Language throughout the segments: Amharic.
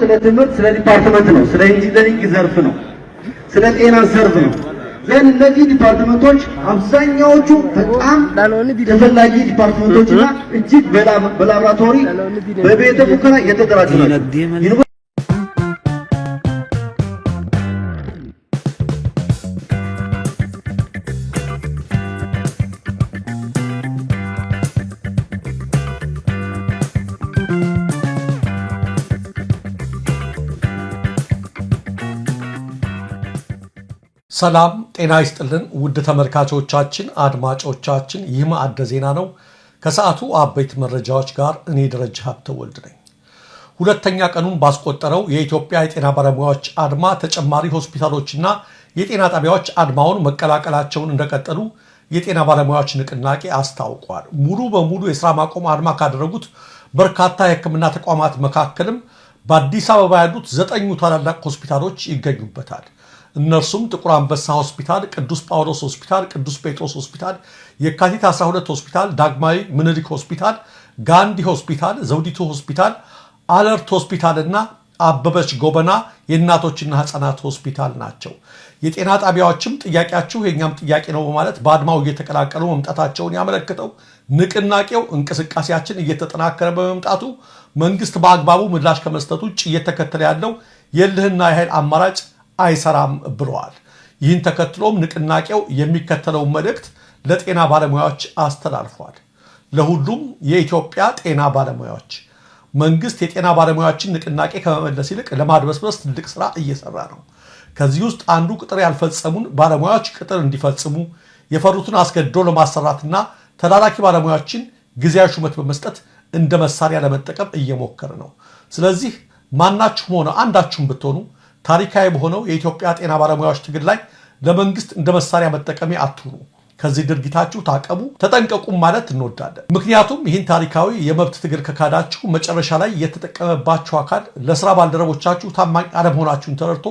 ስለ ትምህርት፣ ስለ ዲፓርትመንት ነው፣ ስለ ኢንጂነሪንግ ዘርፍ ነው፣ ስለ ጤና ዘርፍ ነው። ዘን እነዚህ ዲፓርትመንቶች አብዛኛዎቹ በጣም ተፈላጊ እና እጅግ በላብራቶሪ በቤተ ሙከራ የተደራጁ ናቸው። ሰላም ጤና ይስጥልን ውድ ተመልካቾቻችን፣ አድማጮቻችን፣ ይህ ማዕደ ዜና ነው። ከሰዓቱ አበይት መረጃዎች ጋር እኔ ደረጃ ወልድ ነኝ። ሁለተኛ ቀኑን ባስቆጠረው የኢትዮጵያ የጤና ባለሙያዎች አድማ ተጨማሪ ሆስፒታሎችና የጤና ጣቢያዎች አድማውን መቀላቀላቸውን እንደቀጠሉ የጤና ባለሙያዎች ንቅናቄ አስታውቋል። ሙሉ በሙሉ የስራ ማቆም አድማ ካደረጉት በርካታ የሕክምና ተቋማት መካከልም በአዲስ አበባ ያሉት ዘጠኙ ታላላቅ ሆስፒታሎች ይገኙበታል። እነርሱም ጥቁር አንበሳ ሆስፒታል፣ ቅዱስ ጳውሎስ ሆስፒታል፣ ቅዱስ ጴጥሮስ ሆስፒታል፣ የካቲት 12 ሆስፒታል፣ ዳግማዊ ምኒልክ ሆስፒታል፣ ጋንዲ ሆስፒታል፣ ዘውዲቱ ሆስፒታል፣ አለርት ሆስፒታል እና አበበች ጎበና የእናቶችና ህፃናት ሆስፒታል ናቸው። የጤና ጣቢያዎችም ጥያቄያችሁ የእኛም ጥያቄ ነው በማለት በአድማው እየተቀላቀሉ መምጣታቸውን ያመለክተው ንቅናቄው እንቅስቃሴያችን እየተጠናከረ በመምጣቱ መንግስት በአግባቡ ምላሽ ከመስጠት ውጭ እየተከተለ ያለው የልህና የኃይል አማራጭ አይሰራም ብለዋል። ይህን ተከትሎም ንቅናቄው የሚከተለውን መልእክት ለጤና ባለሙያዎች አስተላልፏል። ለሁሉም የኢትዮጵያ ጤና ባለሙያዎች መንግስት የጤና ባለሙያዎችን ንቅናቄ ከመመለስ ይልቅ ለማድበስበስ ትልቅ ስራ እየሰራ ነው። ከዚህ ውስጥ አንዱ ቅጥር ያልፈጸሙን ባለሙያዎች ቅጥር እንዲፈጽሙ የፈሩትን አስገድዶ ለማሰራትና ተላላኪ ባለሙያዎችን ጊዜያዊ ሹመት በመስጠት እንደ መሳሪያ ለመጠቀም እየሞከረ ነው። ስለዚህ ማናችሁም ሆነ አንዳችሁም ብትሆኑ ታሪካዊ በሆነው የኢትዮጵያ ጤና ባለሙያዎች ትግል ላይ ለመንግስት እንደ መሳሪያ መጠቀሚያ አትሁኑ፣ ከዚህ ድርጊታችሁ ታቀቡ፣ ተጠንቀቁም ማለት እንወዳለን። ምክንያቱም ይህን ታሪካዊ የመብት ትግል ከካዳችሁ መጨረሻ ላይ የተጠቀመባችሁ አካል ለስራ ባልደረቦቻችሁ ታማኝ አለመሆናችሁን ተረድቶ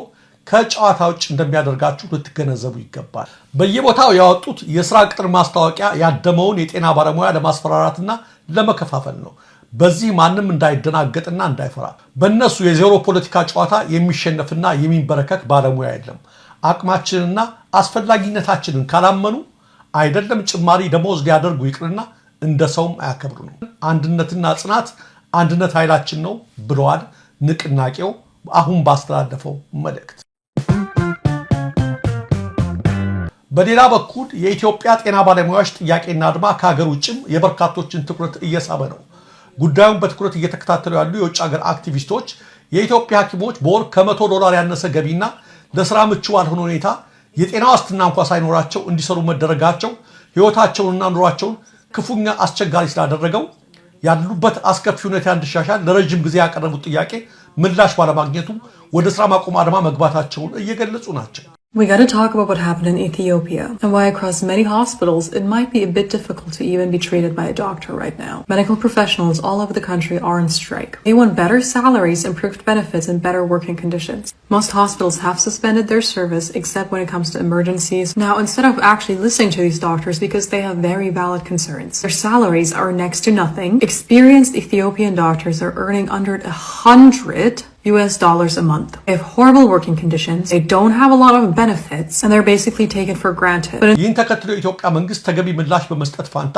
ከጨዋታ ውጭ እንደሚያደርጋችሁ ልትገነዘቡ ይገባል። በየቦታው ያወጡት የስራ ቅጥር ማስታወቂያ ያደመውን የጤና ባለሙያ ለማስፈራራትና ለመከፋፈል ነው። በዚህ ማንም እንዳይደናገጥና እንዳይፈራ። በእነሱ የዜሮ ፖለቲካ ጨዋታ የሚሸነፍና የሚንበረከክ ባለሙያ የለም። አቅማችንና አስፈላጊነታችንን ካላመኑ አይደለም ጭማሪ ደሞዝ ሊያደርጉ ይቅርና እንደ ሰውም አያከብሩ ነው። አንድነትና ጽናት አንድነት ኃይላችን ነው ብለዋል ንቅናቄው አሁን ባስተላለፈው መልእክት። በሌላ በኩል የኢትዮጵያ ጤና ባለሙያዎች ጥያቄና አድማ ከሀገር ውጭም የበርካቶችን ትኩረት እየሳበ ነው። ጉዳዩን በትኩረት እየተከታተሉ ያሉ የውጭ ሀገር አክቲቪስቶች የኢትዮጵያ ሐኪሞች በወር ከመቶ ዶላር ያነሰ ገቢና ለስራ ምቹ ባልሆነ ሁኔታ የጤና ዋስትና እንኳ ሳይኖራቸው እንዲሰሩ መደረጋቸው ሕይወታቸውንና ኑሯቸውን ክፉኛ አስቸጋሪ ስላደረገው ያሉበት አስከፊ ሁኔታ እንዲሻሻል ለረዥም ጊዜ ያቀረቡት ጥያቄ ምላሽ ባለማግኘቱ ወደ ስራ ማቆም አድማ መግባታቸውን እየገለጹ ናቸው። We gotta talk about what happened in Ethiopia and why across many hospitals it might be a bit difficult to even be treated by a doctor right now. Medical professionals all over the country are on strike. They want better salaries, improved benefits, and better working conditions. Most hospitals have suspended their service except when it comes to emergencies. Now, instead of actually listening to these doctors because they have very valid concerns, their salaries are next to nothing. Experienced Ethiopian doctors are earning under a hundred US dollars a month. They have horrible working conditions, they don't have a lot of benefits, and they're basically taken for granted. ይህን ተከትሎ የኢትዮጵያ መንግስት ተገቢ ምላሽ በመስጠት ፋንታ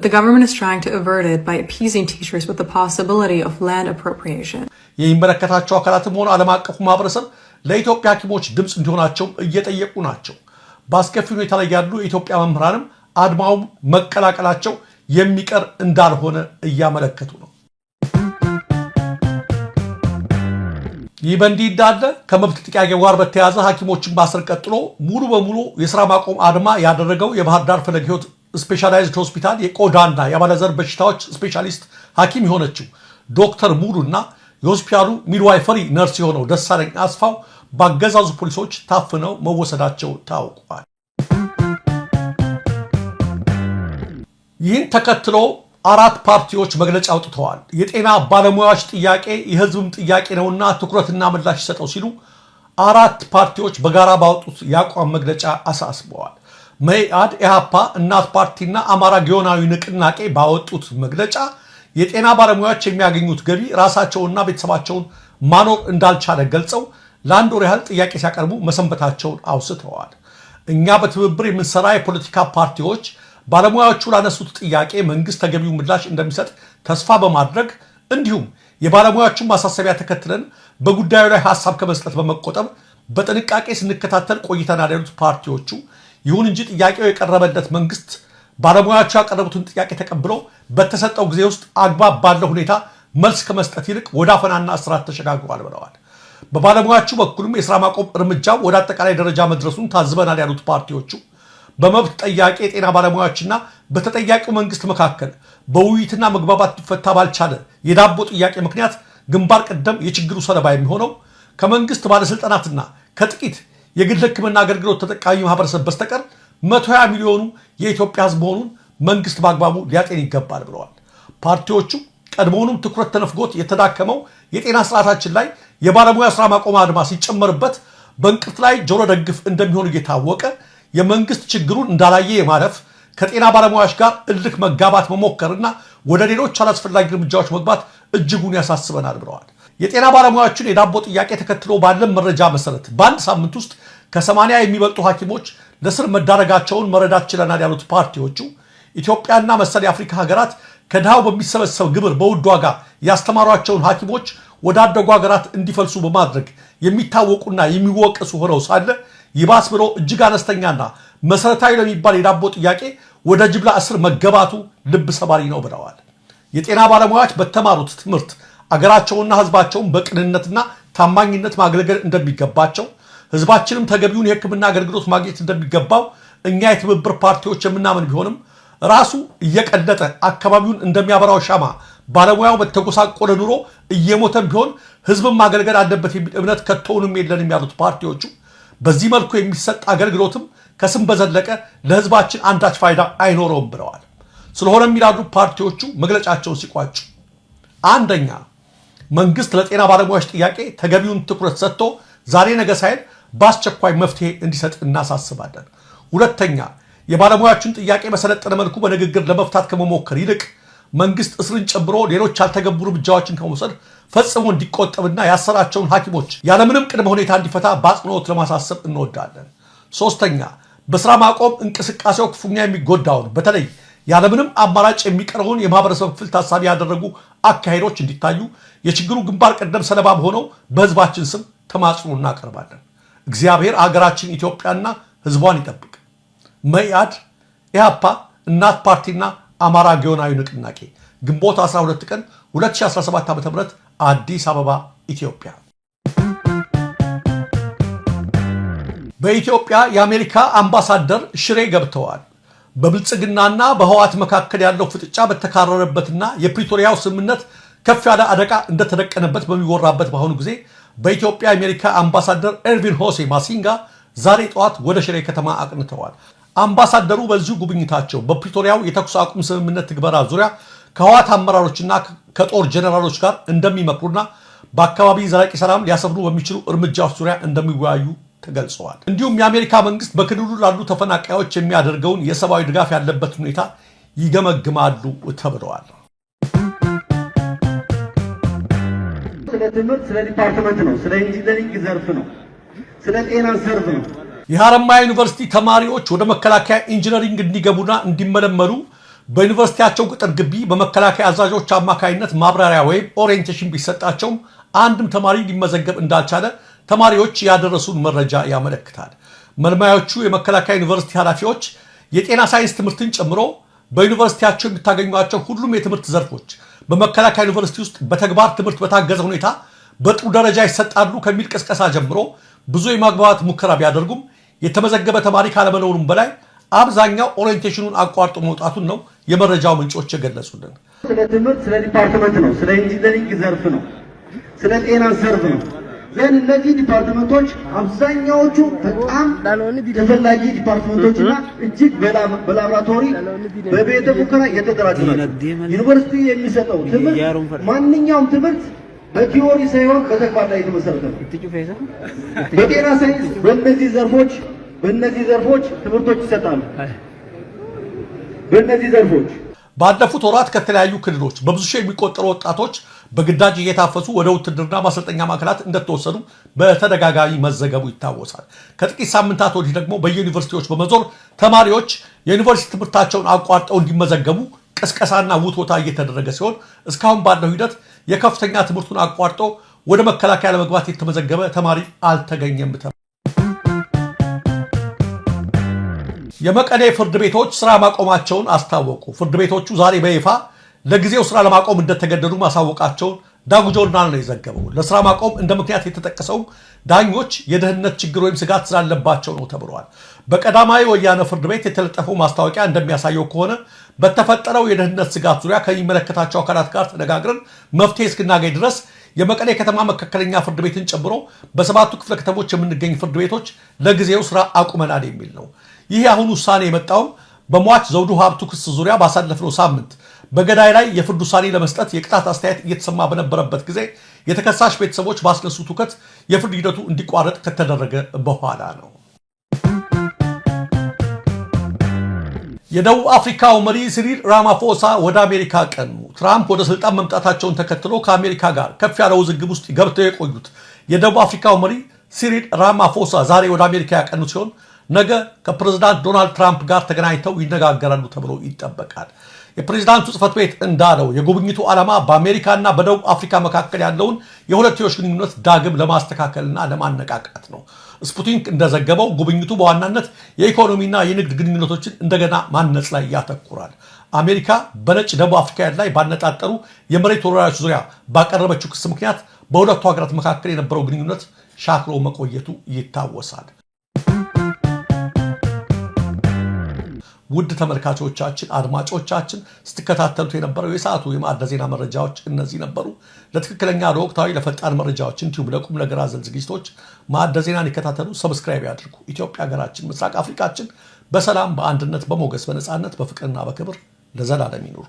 but the government is trying to avert it by appeasing teachers with the possibility of land appropriation። የሚመለከታቸው አካላትም ሆነ ዓለም አቀፉ ማህበረሰብ ለኢትዮጵያ ሐኪሞች ድምፅ እንዲሆናቸው እየጠየቁ ናቸው። በአስከፊ ሁኔታ ላይ ያሉ የኢትዮጵያ መምህራንም አድማውም መቀላቀላቸው የሚቀር እንዳልሆነ እያመለከቱ ነው። ይህ በእንዲህ እንዳለ ከመብት ጥያቄ ጋር በተያያዘ ሐኪሞችን ማሰር ቀጥሎ ሙሉ በሙሉ የስራ ማቆም አድማ ያደረገው የባህር ዳር ፈለገ ሕይወት ስፔሻላይዝድ ሆስፒታል የቆዳና የአባለዘር በሽታዎች ስፔሻሊስት ሐኪም የሆነችው ዶክተር ሙሉ እና የሆስፒታሉ ሚድዋይፈሪ ነርስ የሆነው ደሳለኝ አስፋው በአገዛዙ ፖሊሶች ታፍነው መወሰዳቸው ታውቋል። ይህን ተከትሎ አራት ፓርቲዎች መግለጫ አውጥተዋል። የጤና ባለሙያዎች ጥያቄ የህዝብም ጥያቄ ነውና ትኩረትና ምላሽ ይሰጠው ሲሉ አራት ፓርቲዎች በጋራ ባወጡት የአቋም መግለጫ አሳስበዋል። መኢአድ፣ ኢህአፓ፣ እናት ፓርቲና አማራ ጊዮናዊ ንቅናቄ ባወጡት መግለጫ የጤና ባለሙያዎች የሚያገኙት ገቢ ራሳቸውንና ቤተሰባቸውን ማኖር እንዳልቻለ ገልጸው ለአንድ ወር ያህል ጥያቄ ሲያቀርቡ መሰንበታቸውን አውስተዋል። እኛ በትብብር የምንሰራ የፖለቲካ ፓርቲዎች ባለሙያዎቹ ላነሱት ጥያቄ መንግስት ተገቢው ምላሽ እንደሚሰጥ ተስፋ በማድረግ እንዲሁም የባለሙያዎቹን ማሳሰቢያ ተከትለን በጉዳዩ ላይ ሀሳብ ከመስጠት በመቆጠብ በጥንቃቄ ስንከታተል ቆይተናል ያሉት ፓርቲዎቹ ይሁን እንጂ ጥያቄው የቀረበለት መንግስት ባለሙያዎቹ ያቀረቡትን ጥያቄ ተቀብሎ በተሰጠው ጊዜ ውስጥ አግባብ ባለው ሁኔታ መልስ ከመስጠት ይልቅ ወደ አፈናና እስራት ተሸጋግሯል ብለዋል። በባለሙያዎቹ በኩልም የስራ ማቆም እርምጃው ወደ አጠቃላይ ደረጃ መድረሱን ታዝበናል ያሉት ፓርቲዎቹ በመብት ጠያቂ የጤና ባለሙያዎችና በተጠያቂው መንግስት መካከል በውይይትና መግባባት ሊፈታ ባልቻለ የዳቦ ጥያቄ ምክንያት ግንባር ቀደም የችግሩ ሰለባ የሚሆነው ከመንግስት ባለስልጣናትና ከጥቂት የግል ሕክምና አገልግሎት ተጠቃሚ ማህበረሰብ በስተቀር 120 ሚሊዮኑ የኢትዮጵያ ህዝብ መሆኑን መንግስት በአግባቡ ሊያጤን ይገባል ብለዋል። ፓርቲዎቹ ቀድሞውንም ትኩረት ተነፍጎት የተዳከመው የጤና ስርዓታችን ላይ የባለሙያ ስራ ማቆም አድማ ሲጨመርበት በእንቅርት ላይ ጆሮ ደግፍ እንደሚሆኑ እየታወቀ የመንግስት ችግሩን እንዳላየ የማረፍ ከጤና ባለሙያዎች ጋር እልክ መጋባት መሞከርና ወደ ሌሎች አላስፈላጊ እርምጃዎች መግባት እጅጉን ያሳስበናል ብለዋል። የጤና ባለሙያዎችን የዳቦ ጥያቄ ተከትሎ ባለን መረጃ መሰረት በአንድ ሳምንት ውስጥ ከሰማንያ የሚበልጡ ሐኪሞች ለስር መዳረጋቸውን መረዳት ችለናል ያሉት ፓርቲዎቹ ኢትዮጵያና መሰል የአፍሪካ ሀገራት ከድሃው በሚሰበሰብ ግብር በውድ ዋጋ ያስተማሯቸውን ሐኪሞች ወዳደጉ ሀገራት እንዲፈልሱ በማድረግ የሚታወቁና የሚወቀሱ ሆነው ሳለ ይባስ ብሎ እጅግ አነስተኛና መሰረታዊ ለሚባል የዳቦ ጥያቄ ወደ ጅምላ እስር መገባቱ ልብ ሰባሪ ነው ብለዋል። የጤና ባለሙያዎች በተማሩት ትምህርት አገራቸውና ህዝባቸውን በቅንነትና ታማኝነት ማገልገል እንደሚገባቸው ህዝባችንም ተገቢውን የህክምና አገልግሎት ማግኘት እንደሚገባው እኛ የትብብር ፓርቲዎች የምናምን ቢሆንም ራሱ እየቀለጠ አካባቢውን እንደሚያበራው ሻማ ባለሙያው በተጎሳቆለ ኑሮ እየሞተን ቢሆን ህዝብን ማገልገል አለበት የሚል እምነት ከቶውንም የለንም ያሉት ፓርቲዎቹ በዚህ መልኩ የሚሰጥ አገልግሎትም ከስም በዘለቀ ለህዝባችን አንዳች ፋይዳ አይኖረውም ብለዋል። ስለሆነም ይላሉ ፓርቲዎቹ መግለጫቸውን ሲቋጩ አንደኛ መንግስት ለጤና ባለሙያዎች ጥያቄ ተገቢውን ትኩረት ሰጥቶ ዛሬ ነገ ሳይል በአስቸኳይ መፍትሄ እንዲሰጥ እናሳስባለን። ሁለተኛ የባለሙያዎቹን ጥያቄ በሰለጠነ መልኩ በንግግር ለመፍታት ከመሞከር ይልቅ መንግስት እስርን ጨምሮ ሌሎች ያልተገቡ እርምጃዎችን ከመውሰድ ፈጽሞ እንዲቆጠብና ያሰራቸውን ሐኪሞች ያለምንም ቅድመ ሁኔታ እንዲፈታ በአጽንኦት ለማሳሰብ እንወዳለን። ሶስተኛ በስራ ማቆም እንቅስቃሴው ክፉኛ የሚጎዳውን በተለይ ያለምንም አማራጭ የሚቀርበውን የማህበረሰብ ክፍል ታሳቢ ያደረጉ አካሄዶች እንዲታዩ የችግሩ ግንባር ቀደም ሰለባም ሆነው በህዝባችን ስም ተማጽኖ እናቀርባለን። እግዚአብሔር አገራችን ኢትዮጵያና ህዝቧን ይጠብቅ። መኢአድ፣ ኢህአፓ፣ እናት ፓርቲና አማራ ጊዮናዊ ንቅናቄ ግንቦት 12 ቀን 2017 ዓ.ም አዲስ አበባ ኢትዮጵያ። በኢትዮጵያ የአሜሪካ አምባሳደር ሽሬ ገብተዋል። በብልጽግናና በህዋት መካከል ያለው ፍጥጫ በተካረረበትና የፕሪቶሪያው ስምምነት ከፍ ያለ አደጋ እንደተደቀነበት በሚወራበት በአሁኑ ጊዜ በኢትዮጵያ አሜሪካ አምባሳደር ኤርቪን ሆሴ ማሲንጋ ዛሬ ጠዋት ወደ ሽሬ ከተማ አቅንተዋል። አምባሳደሩ በዚሁ ጉብኝታቸው በፕሪቶሪያው የተኩስ አቁም ስምምነት ትግበራ ዙሪያ ከህዋት አመራሮችና ከጦር ጀኔራሎች ጋር እንደሚመክሩና በአካባቢ ዘላቂ ሰላም ሊያሰፍኑ በሚችሉ እርምጃዎች ዙሪያ እንደሚወያዩ ተገልጸዋል። እንዲሁም የአሜሪካ መንግስት በክልሉ ላሉ ተፈናቃዮች የሚያደርገውን የሰብአዊ ድጋፍ ያለበት ሁኔታ ይገመግማሉ ተብለዋል። ስለ ትምህርት፣ ስለ ዲፓርትመንት ነው፣ ስለ ኢንጂነሪንግ ዘርፍ ነው፣ ስለ ጤና ዘርፍ ነው። የሐረማያ ዩኒቨርሲቲ ተማሪዎች ወደ መከላከያ ኢንጂነሪንግ እንዲገቡና እንዲመለመሉ በዩኒቨርሲቲያቸው ቅጥር ግቢ በመከላከያ አዛዦች አማካኝነት ማብራሪያ ወይም ኦሪየንቴሽን ቢሰጣቸውም አንድም ተማሪ ሊመዘገብ እንዳልቻለ ተማሪዎች ያደረሱን መረጃ ያመለክታል። መልማዮቹ የመከላከያ ዩኒቨርሲቲ ኃላፊዎች የጤና ሳይንስ ትምህርትን ጨምሮ በዩኒቨርሲቲያቸው የሚታገኟቸው ሁሉም የትምህርት ዘርፎች በመከላከያ ዩኒቨርሲቲ ውስጥ በተግባር ትምህርት በታገዘ ሁኔታ በጥሩ ደረጃ ይሰጣሉ ከሚል ቅስቀሳ ጀምሮ ብዙ የማግባባት ሙከራ ቢያደርጉም የተመዘገበ ተማሪ ካለመኖሩም በላይ አብዛኛው ኦሪየንቴሽኑን አቋርጦ መውጣቱን ነው የመረጃው ምንጮች የገለጹልን። ስለ ትምህርት፣ ስለ ዲፓርትመንት ነው፣ ስለ ኢንጂነሪንግ ዘርፍ ነው፣ ስለ ጤና ዘርፍ ነው ግን እነዚህ ዲፓርትመንቶች አብዛኛዎቹ በጣም ተፈላጊ ዲፓርትመንቶች እና እጅግ በላብራቶሪ በቤተ ሙከራ የተደራጁ ናቸው። ዩኒቨርሲቲ የሚሰጠው ትምህርት ማንኛውም ትምህርት በቲዎሪ ሳይሆን በተግባር ላይ የተመሰረተ ነው። በጤና ሳይንስ በእነዚህ ዘርፎች በእነዚህ ዘርፎች ትምህርቶች ይሰጣሉ። በእነዚህ ዘርፎች ባለፉት ወራት ከተለያዩ ክልሎች በብዙ ሺህ የሚቆጠሩ ወጣቶች በግዳጅ እየታፈሱ ወደ ውትድርና ማሰልጠኛ ማዕከላት እንደተወሰዱ በተደጋጋሚ መዘገቡ ይታወሳል። ከጥቂት ሳምንታት ወዲህ ደግሞ በየዩኒቨርሲቲዎች በመዞር ተማሪዎች የዩኒቨርሲቲ ትምህርታቸውን አቋርጠው እንዲመዘገቡ ቅስቀሳና ውትወታ እየተደረገ ሲሆን እስካሁን ባለው ሂደት የከፍተኛ ትምህርቱን አቋርጦ ወደ መከላከያ ለመግባት የተመዘገበ ተማሪ አልተገኘም። የመቀሌ ፍርድ ቤቶች ስራ ማቆማቸውን አስታወቁ። ፍርድ ቤቶቹ ዛሬ በይፋ ለጊዜው ስራ ለማቆም እንደተገደዱ ማሳወቃቸውን ዳጉ ጆርናል ነው የዘገበው። ለስራ ማቆም እንደ ምክንያት የተጠቀሰው ዳኞች የደህንነት ችግር ወይም ስጋት ስላለባቸው ነው ተብለዋል። በቀዳማዊ ወያነ ፍርድ ቤት የተለጠፈው ማስታወቂያ እንደሚያሳየው ከሆነ በተፈጠረው የደህንነት ስጋት ዙሪያ ከሚመለከታቸው አካላት ጋር ተነጋግረን መፍትሄ እስክናገኝ ድረስ የመቀሌ ከተማ መካከለኛ ፍርድ ቤትን ጨምሮ በሰባቱ ክፍለ ከተሞች የምንገኝ ፍርድ ቤቶች ለጊዜው ስራ አቁመናል የሚል ነው። ይህ አሁን ውሳኔ የመጣውም በሟች ዘውዱ ሀብቱ ክስ ዙሪያ ባሳለፍነው ሳምንት በገዳይ ላይ የፍርድ ውሳኔ ለመስጠት የቅጣት አስተያየት እየተሰማ በነበረበት ጊዜ የተከሳሽ ቤተሰቦች ባስነሱት ሁከት የፍርድ ሂደቱ እንዲቋረጥ ከተደረገ በኋላ ነው። የደቡብ አፍሪካው መሪ ሲሪል ራማፎሳ ወደ አሜሪካ ቀኑ። ትራምፕ ወደ ስልጣን መምጣታቸውን ተከትሎ ከአሜሪካ ጋር ከፍ ያለ ውዝግብ ውስጥ ገብተው የቆዩት የደቡብ አፍሪካው መሪ ሲሪል ራማፎሳ ዛሬ ወደ አሜሪካ ያቀኑ ሲሆን ነገ ከፕሬዝዳንት ዶናልድ ትራምፕ ጋር ተገናኝተው ይነጋገራሉ ተብሎ ይጠበቃል። የፕሬዚዳንቱ ጽህፈት ቤት እንዳለው የጉብኝቱ ዓላማ በአሜሪካና በደቡብ አፍሪካ መካከል ያለውን የሁለትዮሽ ግንኙነት ዳግም ለማስተካከልና ለማነቃቃት ነው። ስፑቲንክ እንደዘገበው ጉብኝቱ በዋናነት የኢኮኖሚና የንግድ ግንኙነቶችን እንደገና ማነጽ ላይ ያተኩራል። አሜሪካ በነጭ ደቡብ አፍሪካውያን ላይ ባነጣጠሩ የመሬት ወረራዎች ዙሪያ ባቀረበችው ክስ ምክንያት በሁለቱ ሀገራት መካከል የነበረው ግንኙነት ሻክሮ መቆየቱ ይታወሳል። ውድ ተመልካቾቻችን፣ አድማጮቻችን ስትከታተሉት የነበረው የሰዓቱ የማዕደ ዜና መረጃዎች እነዚህ ነበሩ። ለትክክለኛ ለወቅታዊ፣ ለፈጣን መረጃዎች እንዲሁም ለቁም ነገር አዘል ዝግጅቶች ማዕደ ዜናን ይከታተሉ፣ ሰብስክራይብ ያድርጉ። ኢትዮጵያ ሀገራችን፣ ምስራቅ አፍሪካችን በሰላም በአንድነት በሞገስ በነፃነት በፍቅርና በክብር ለዘላለም ይኑሩ።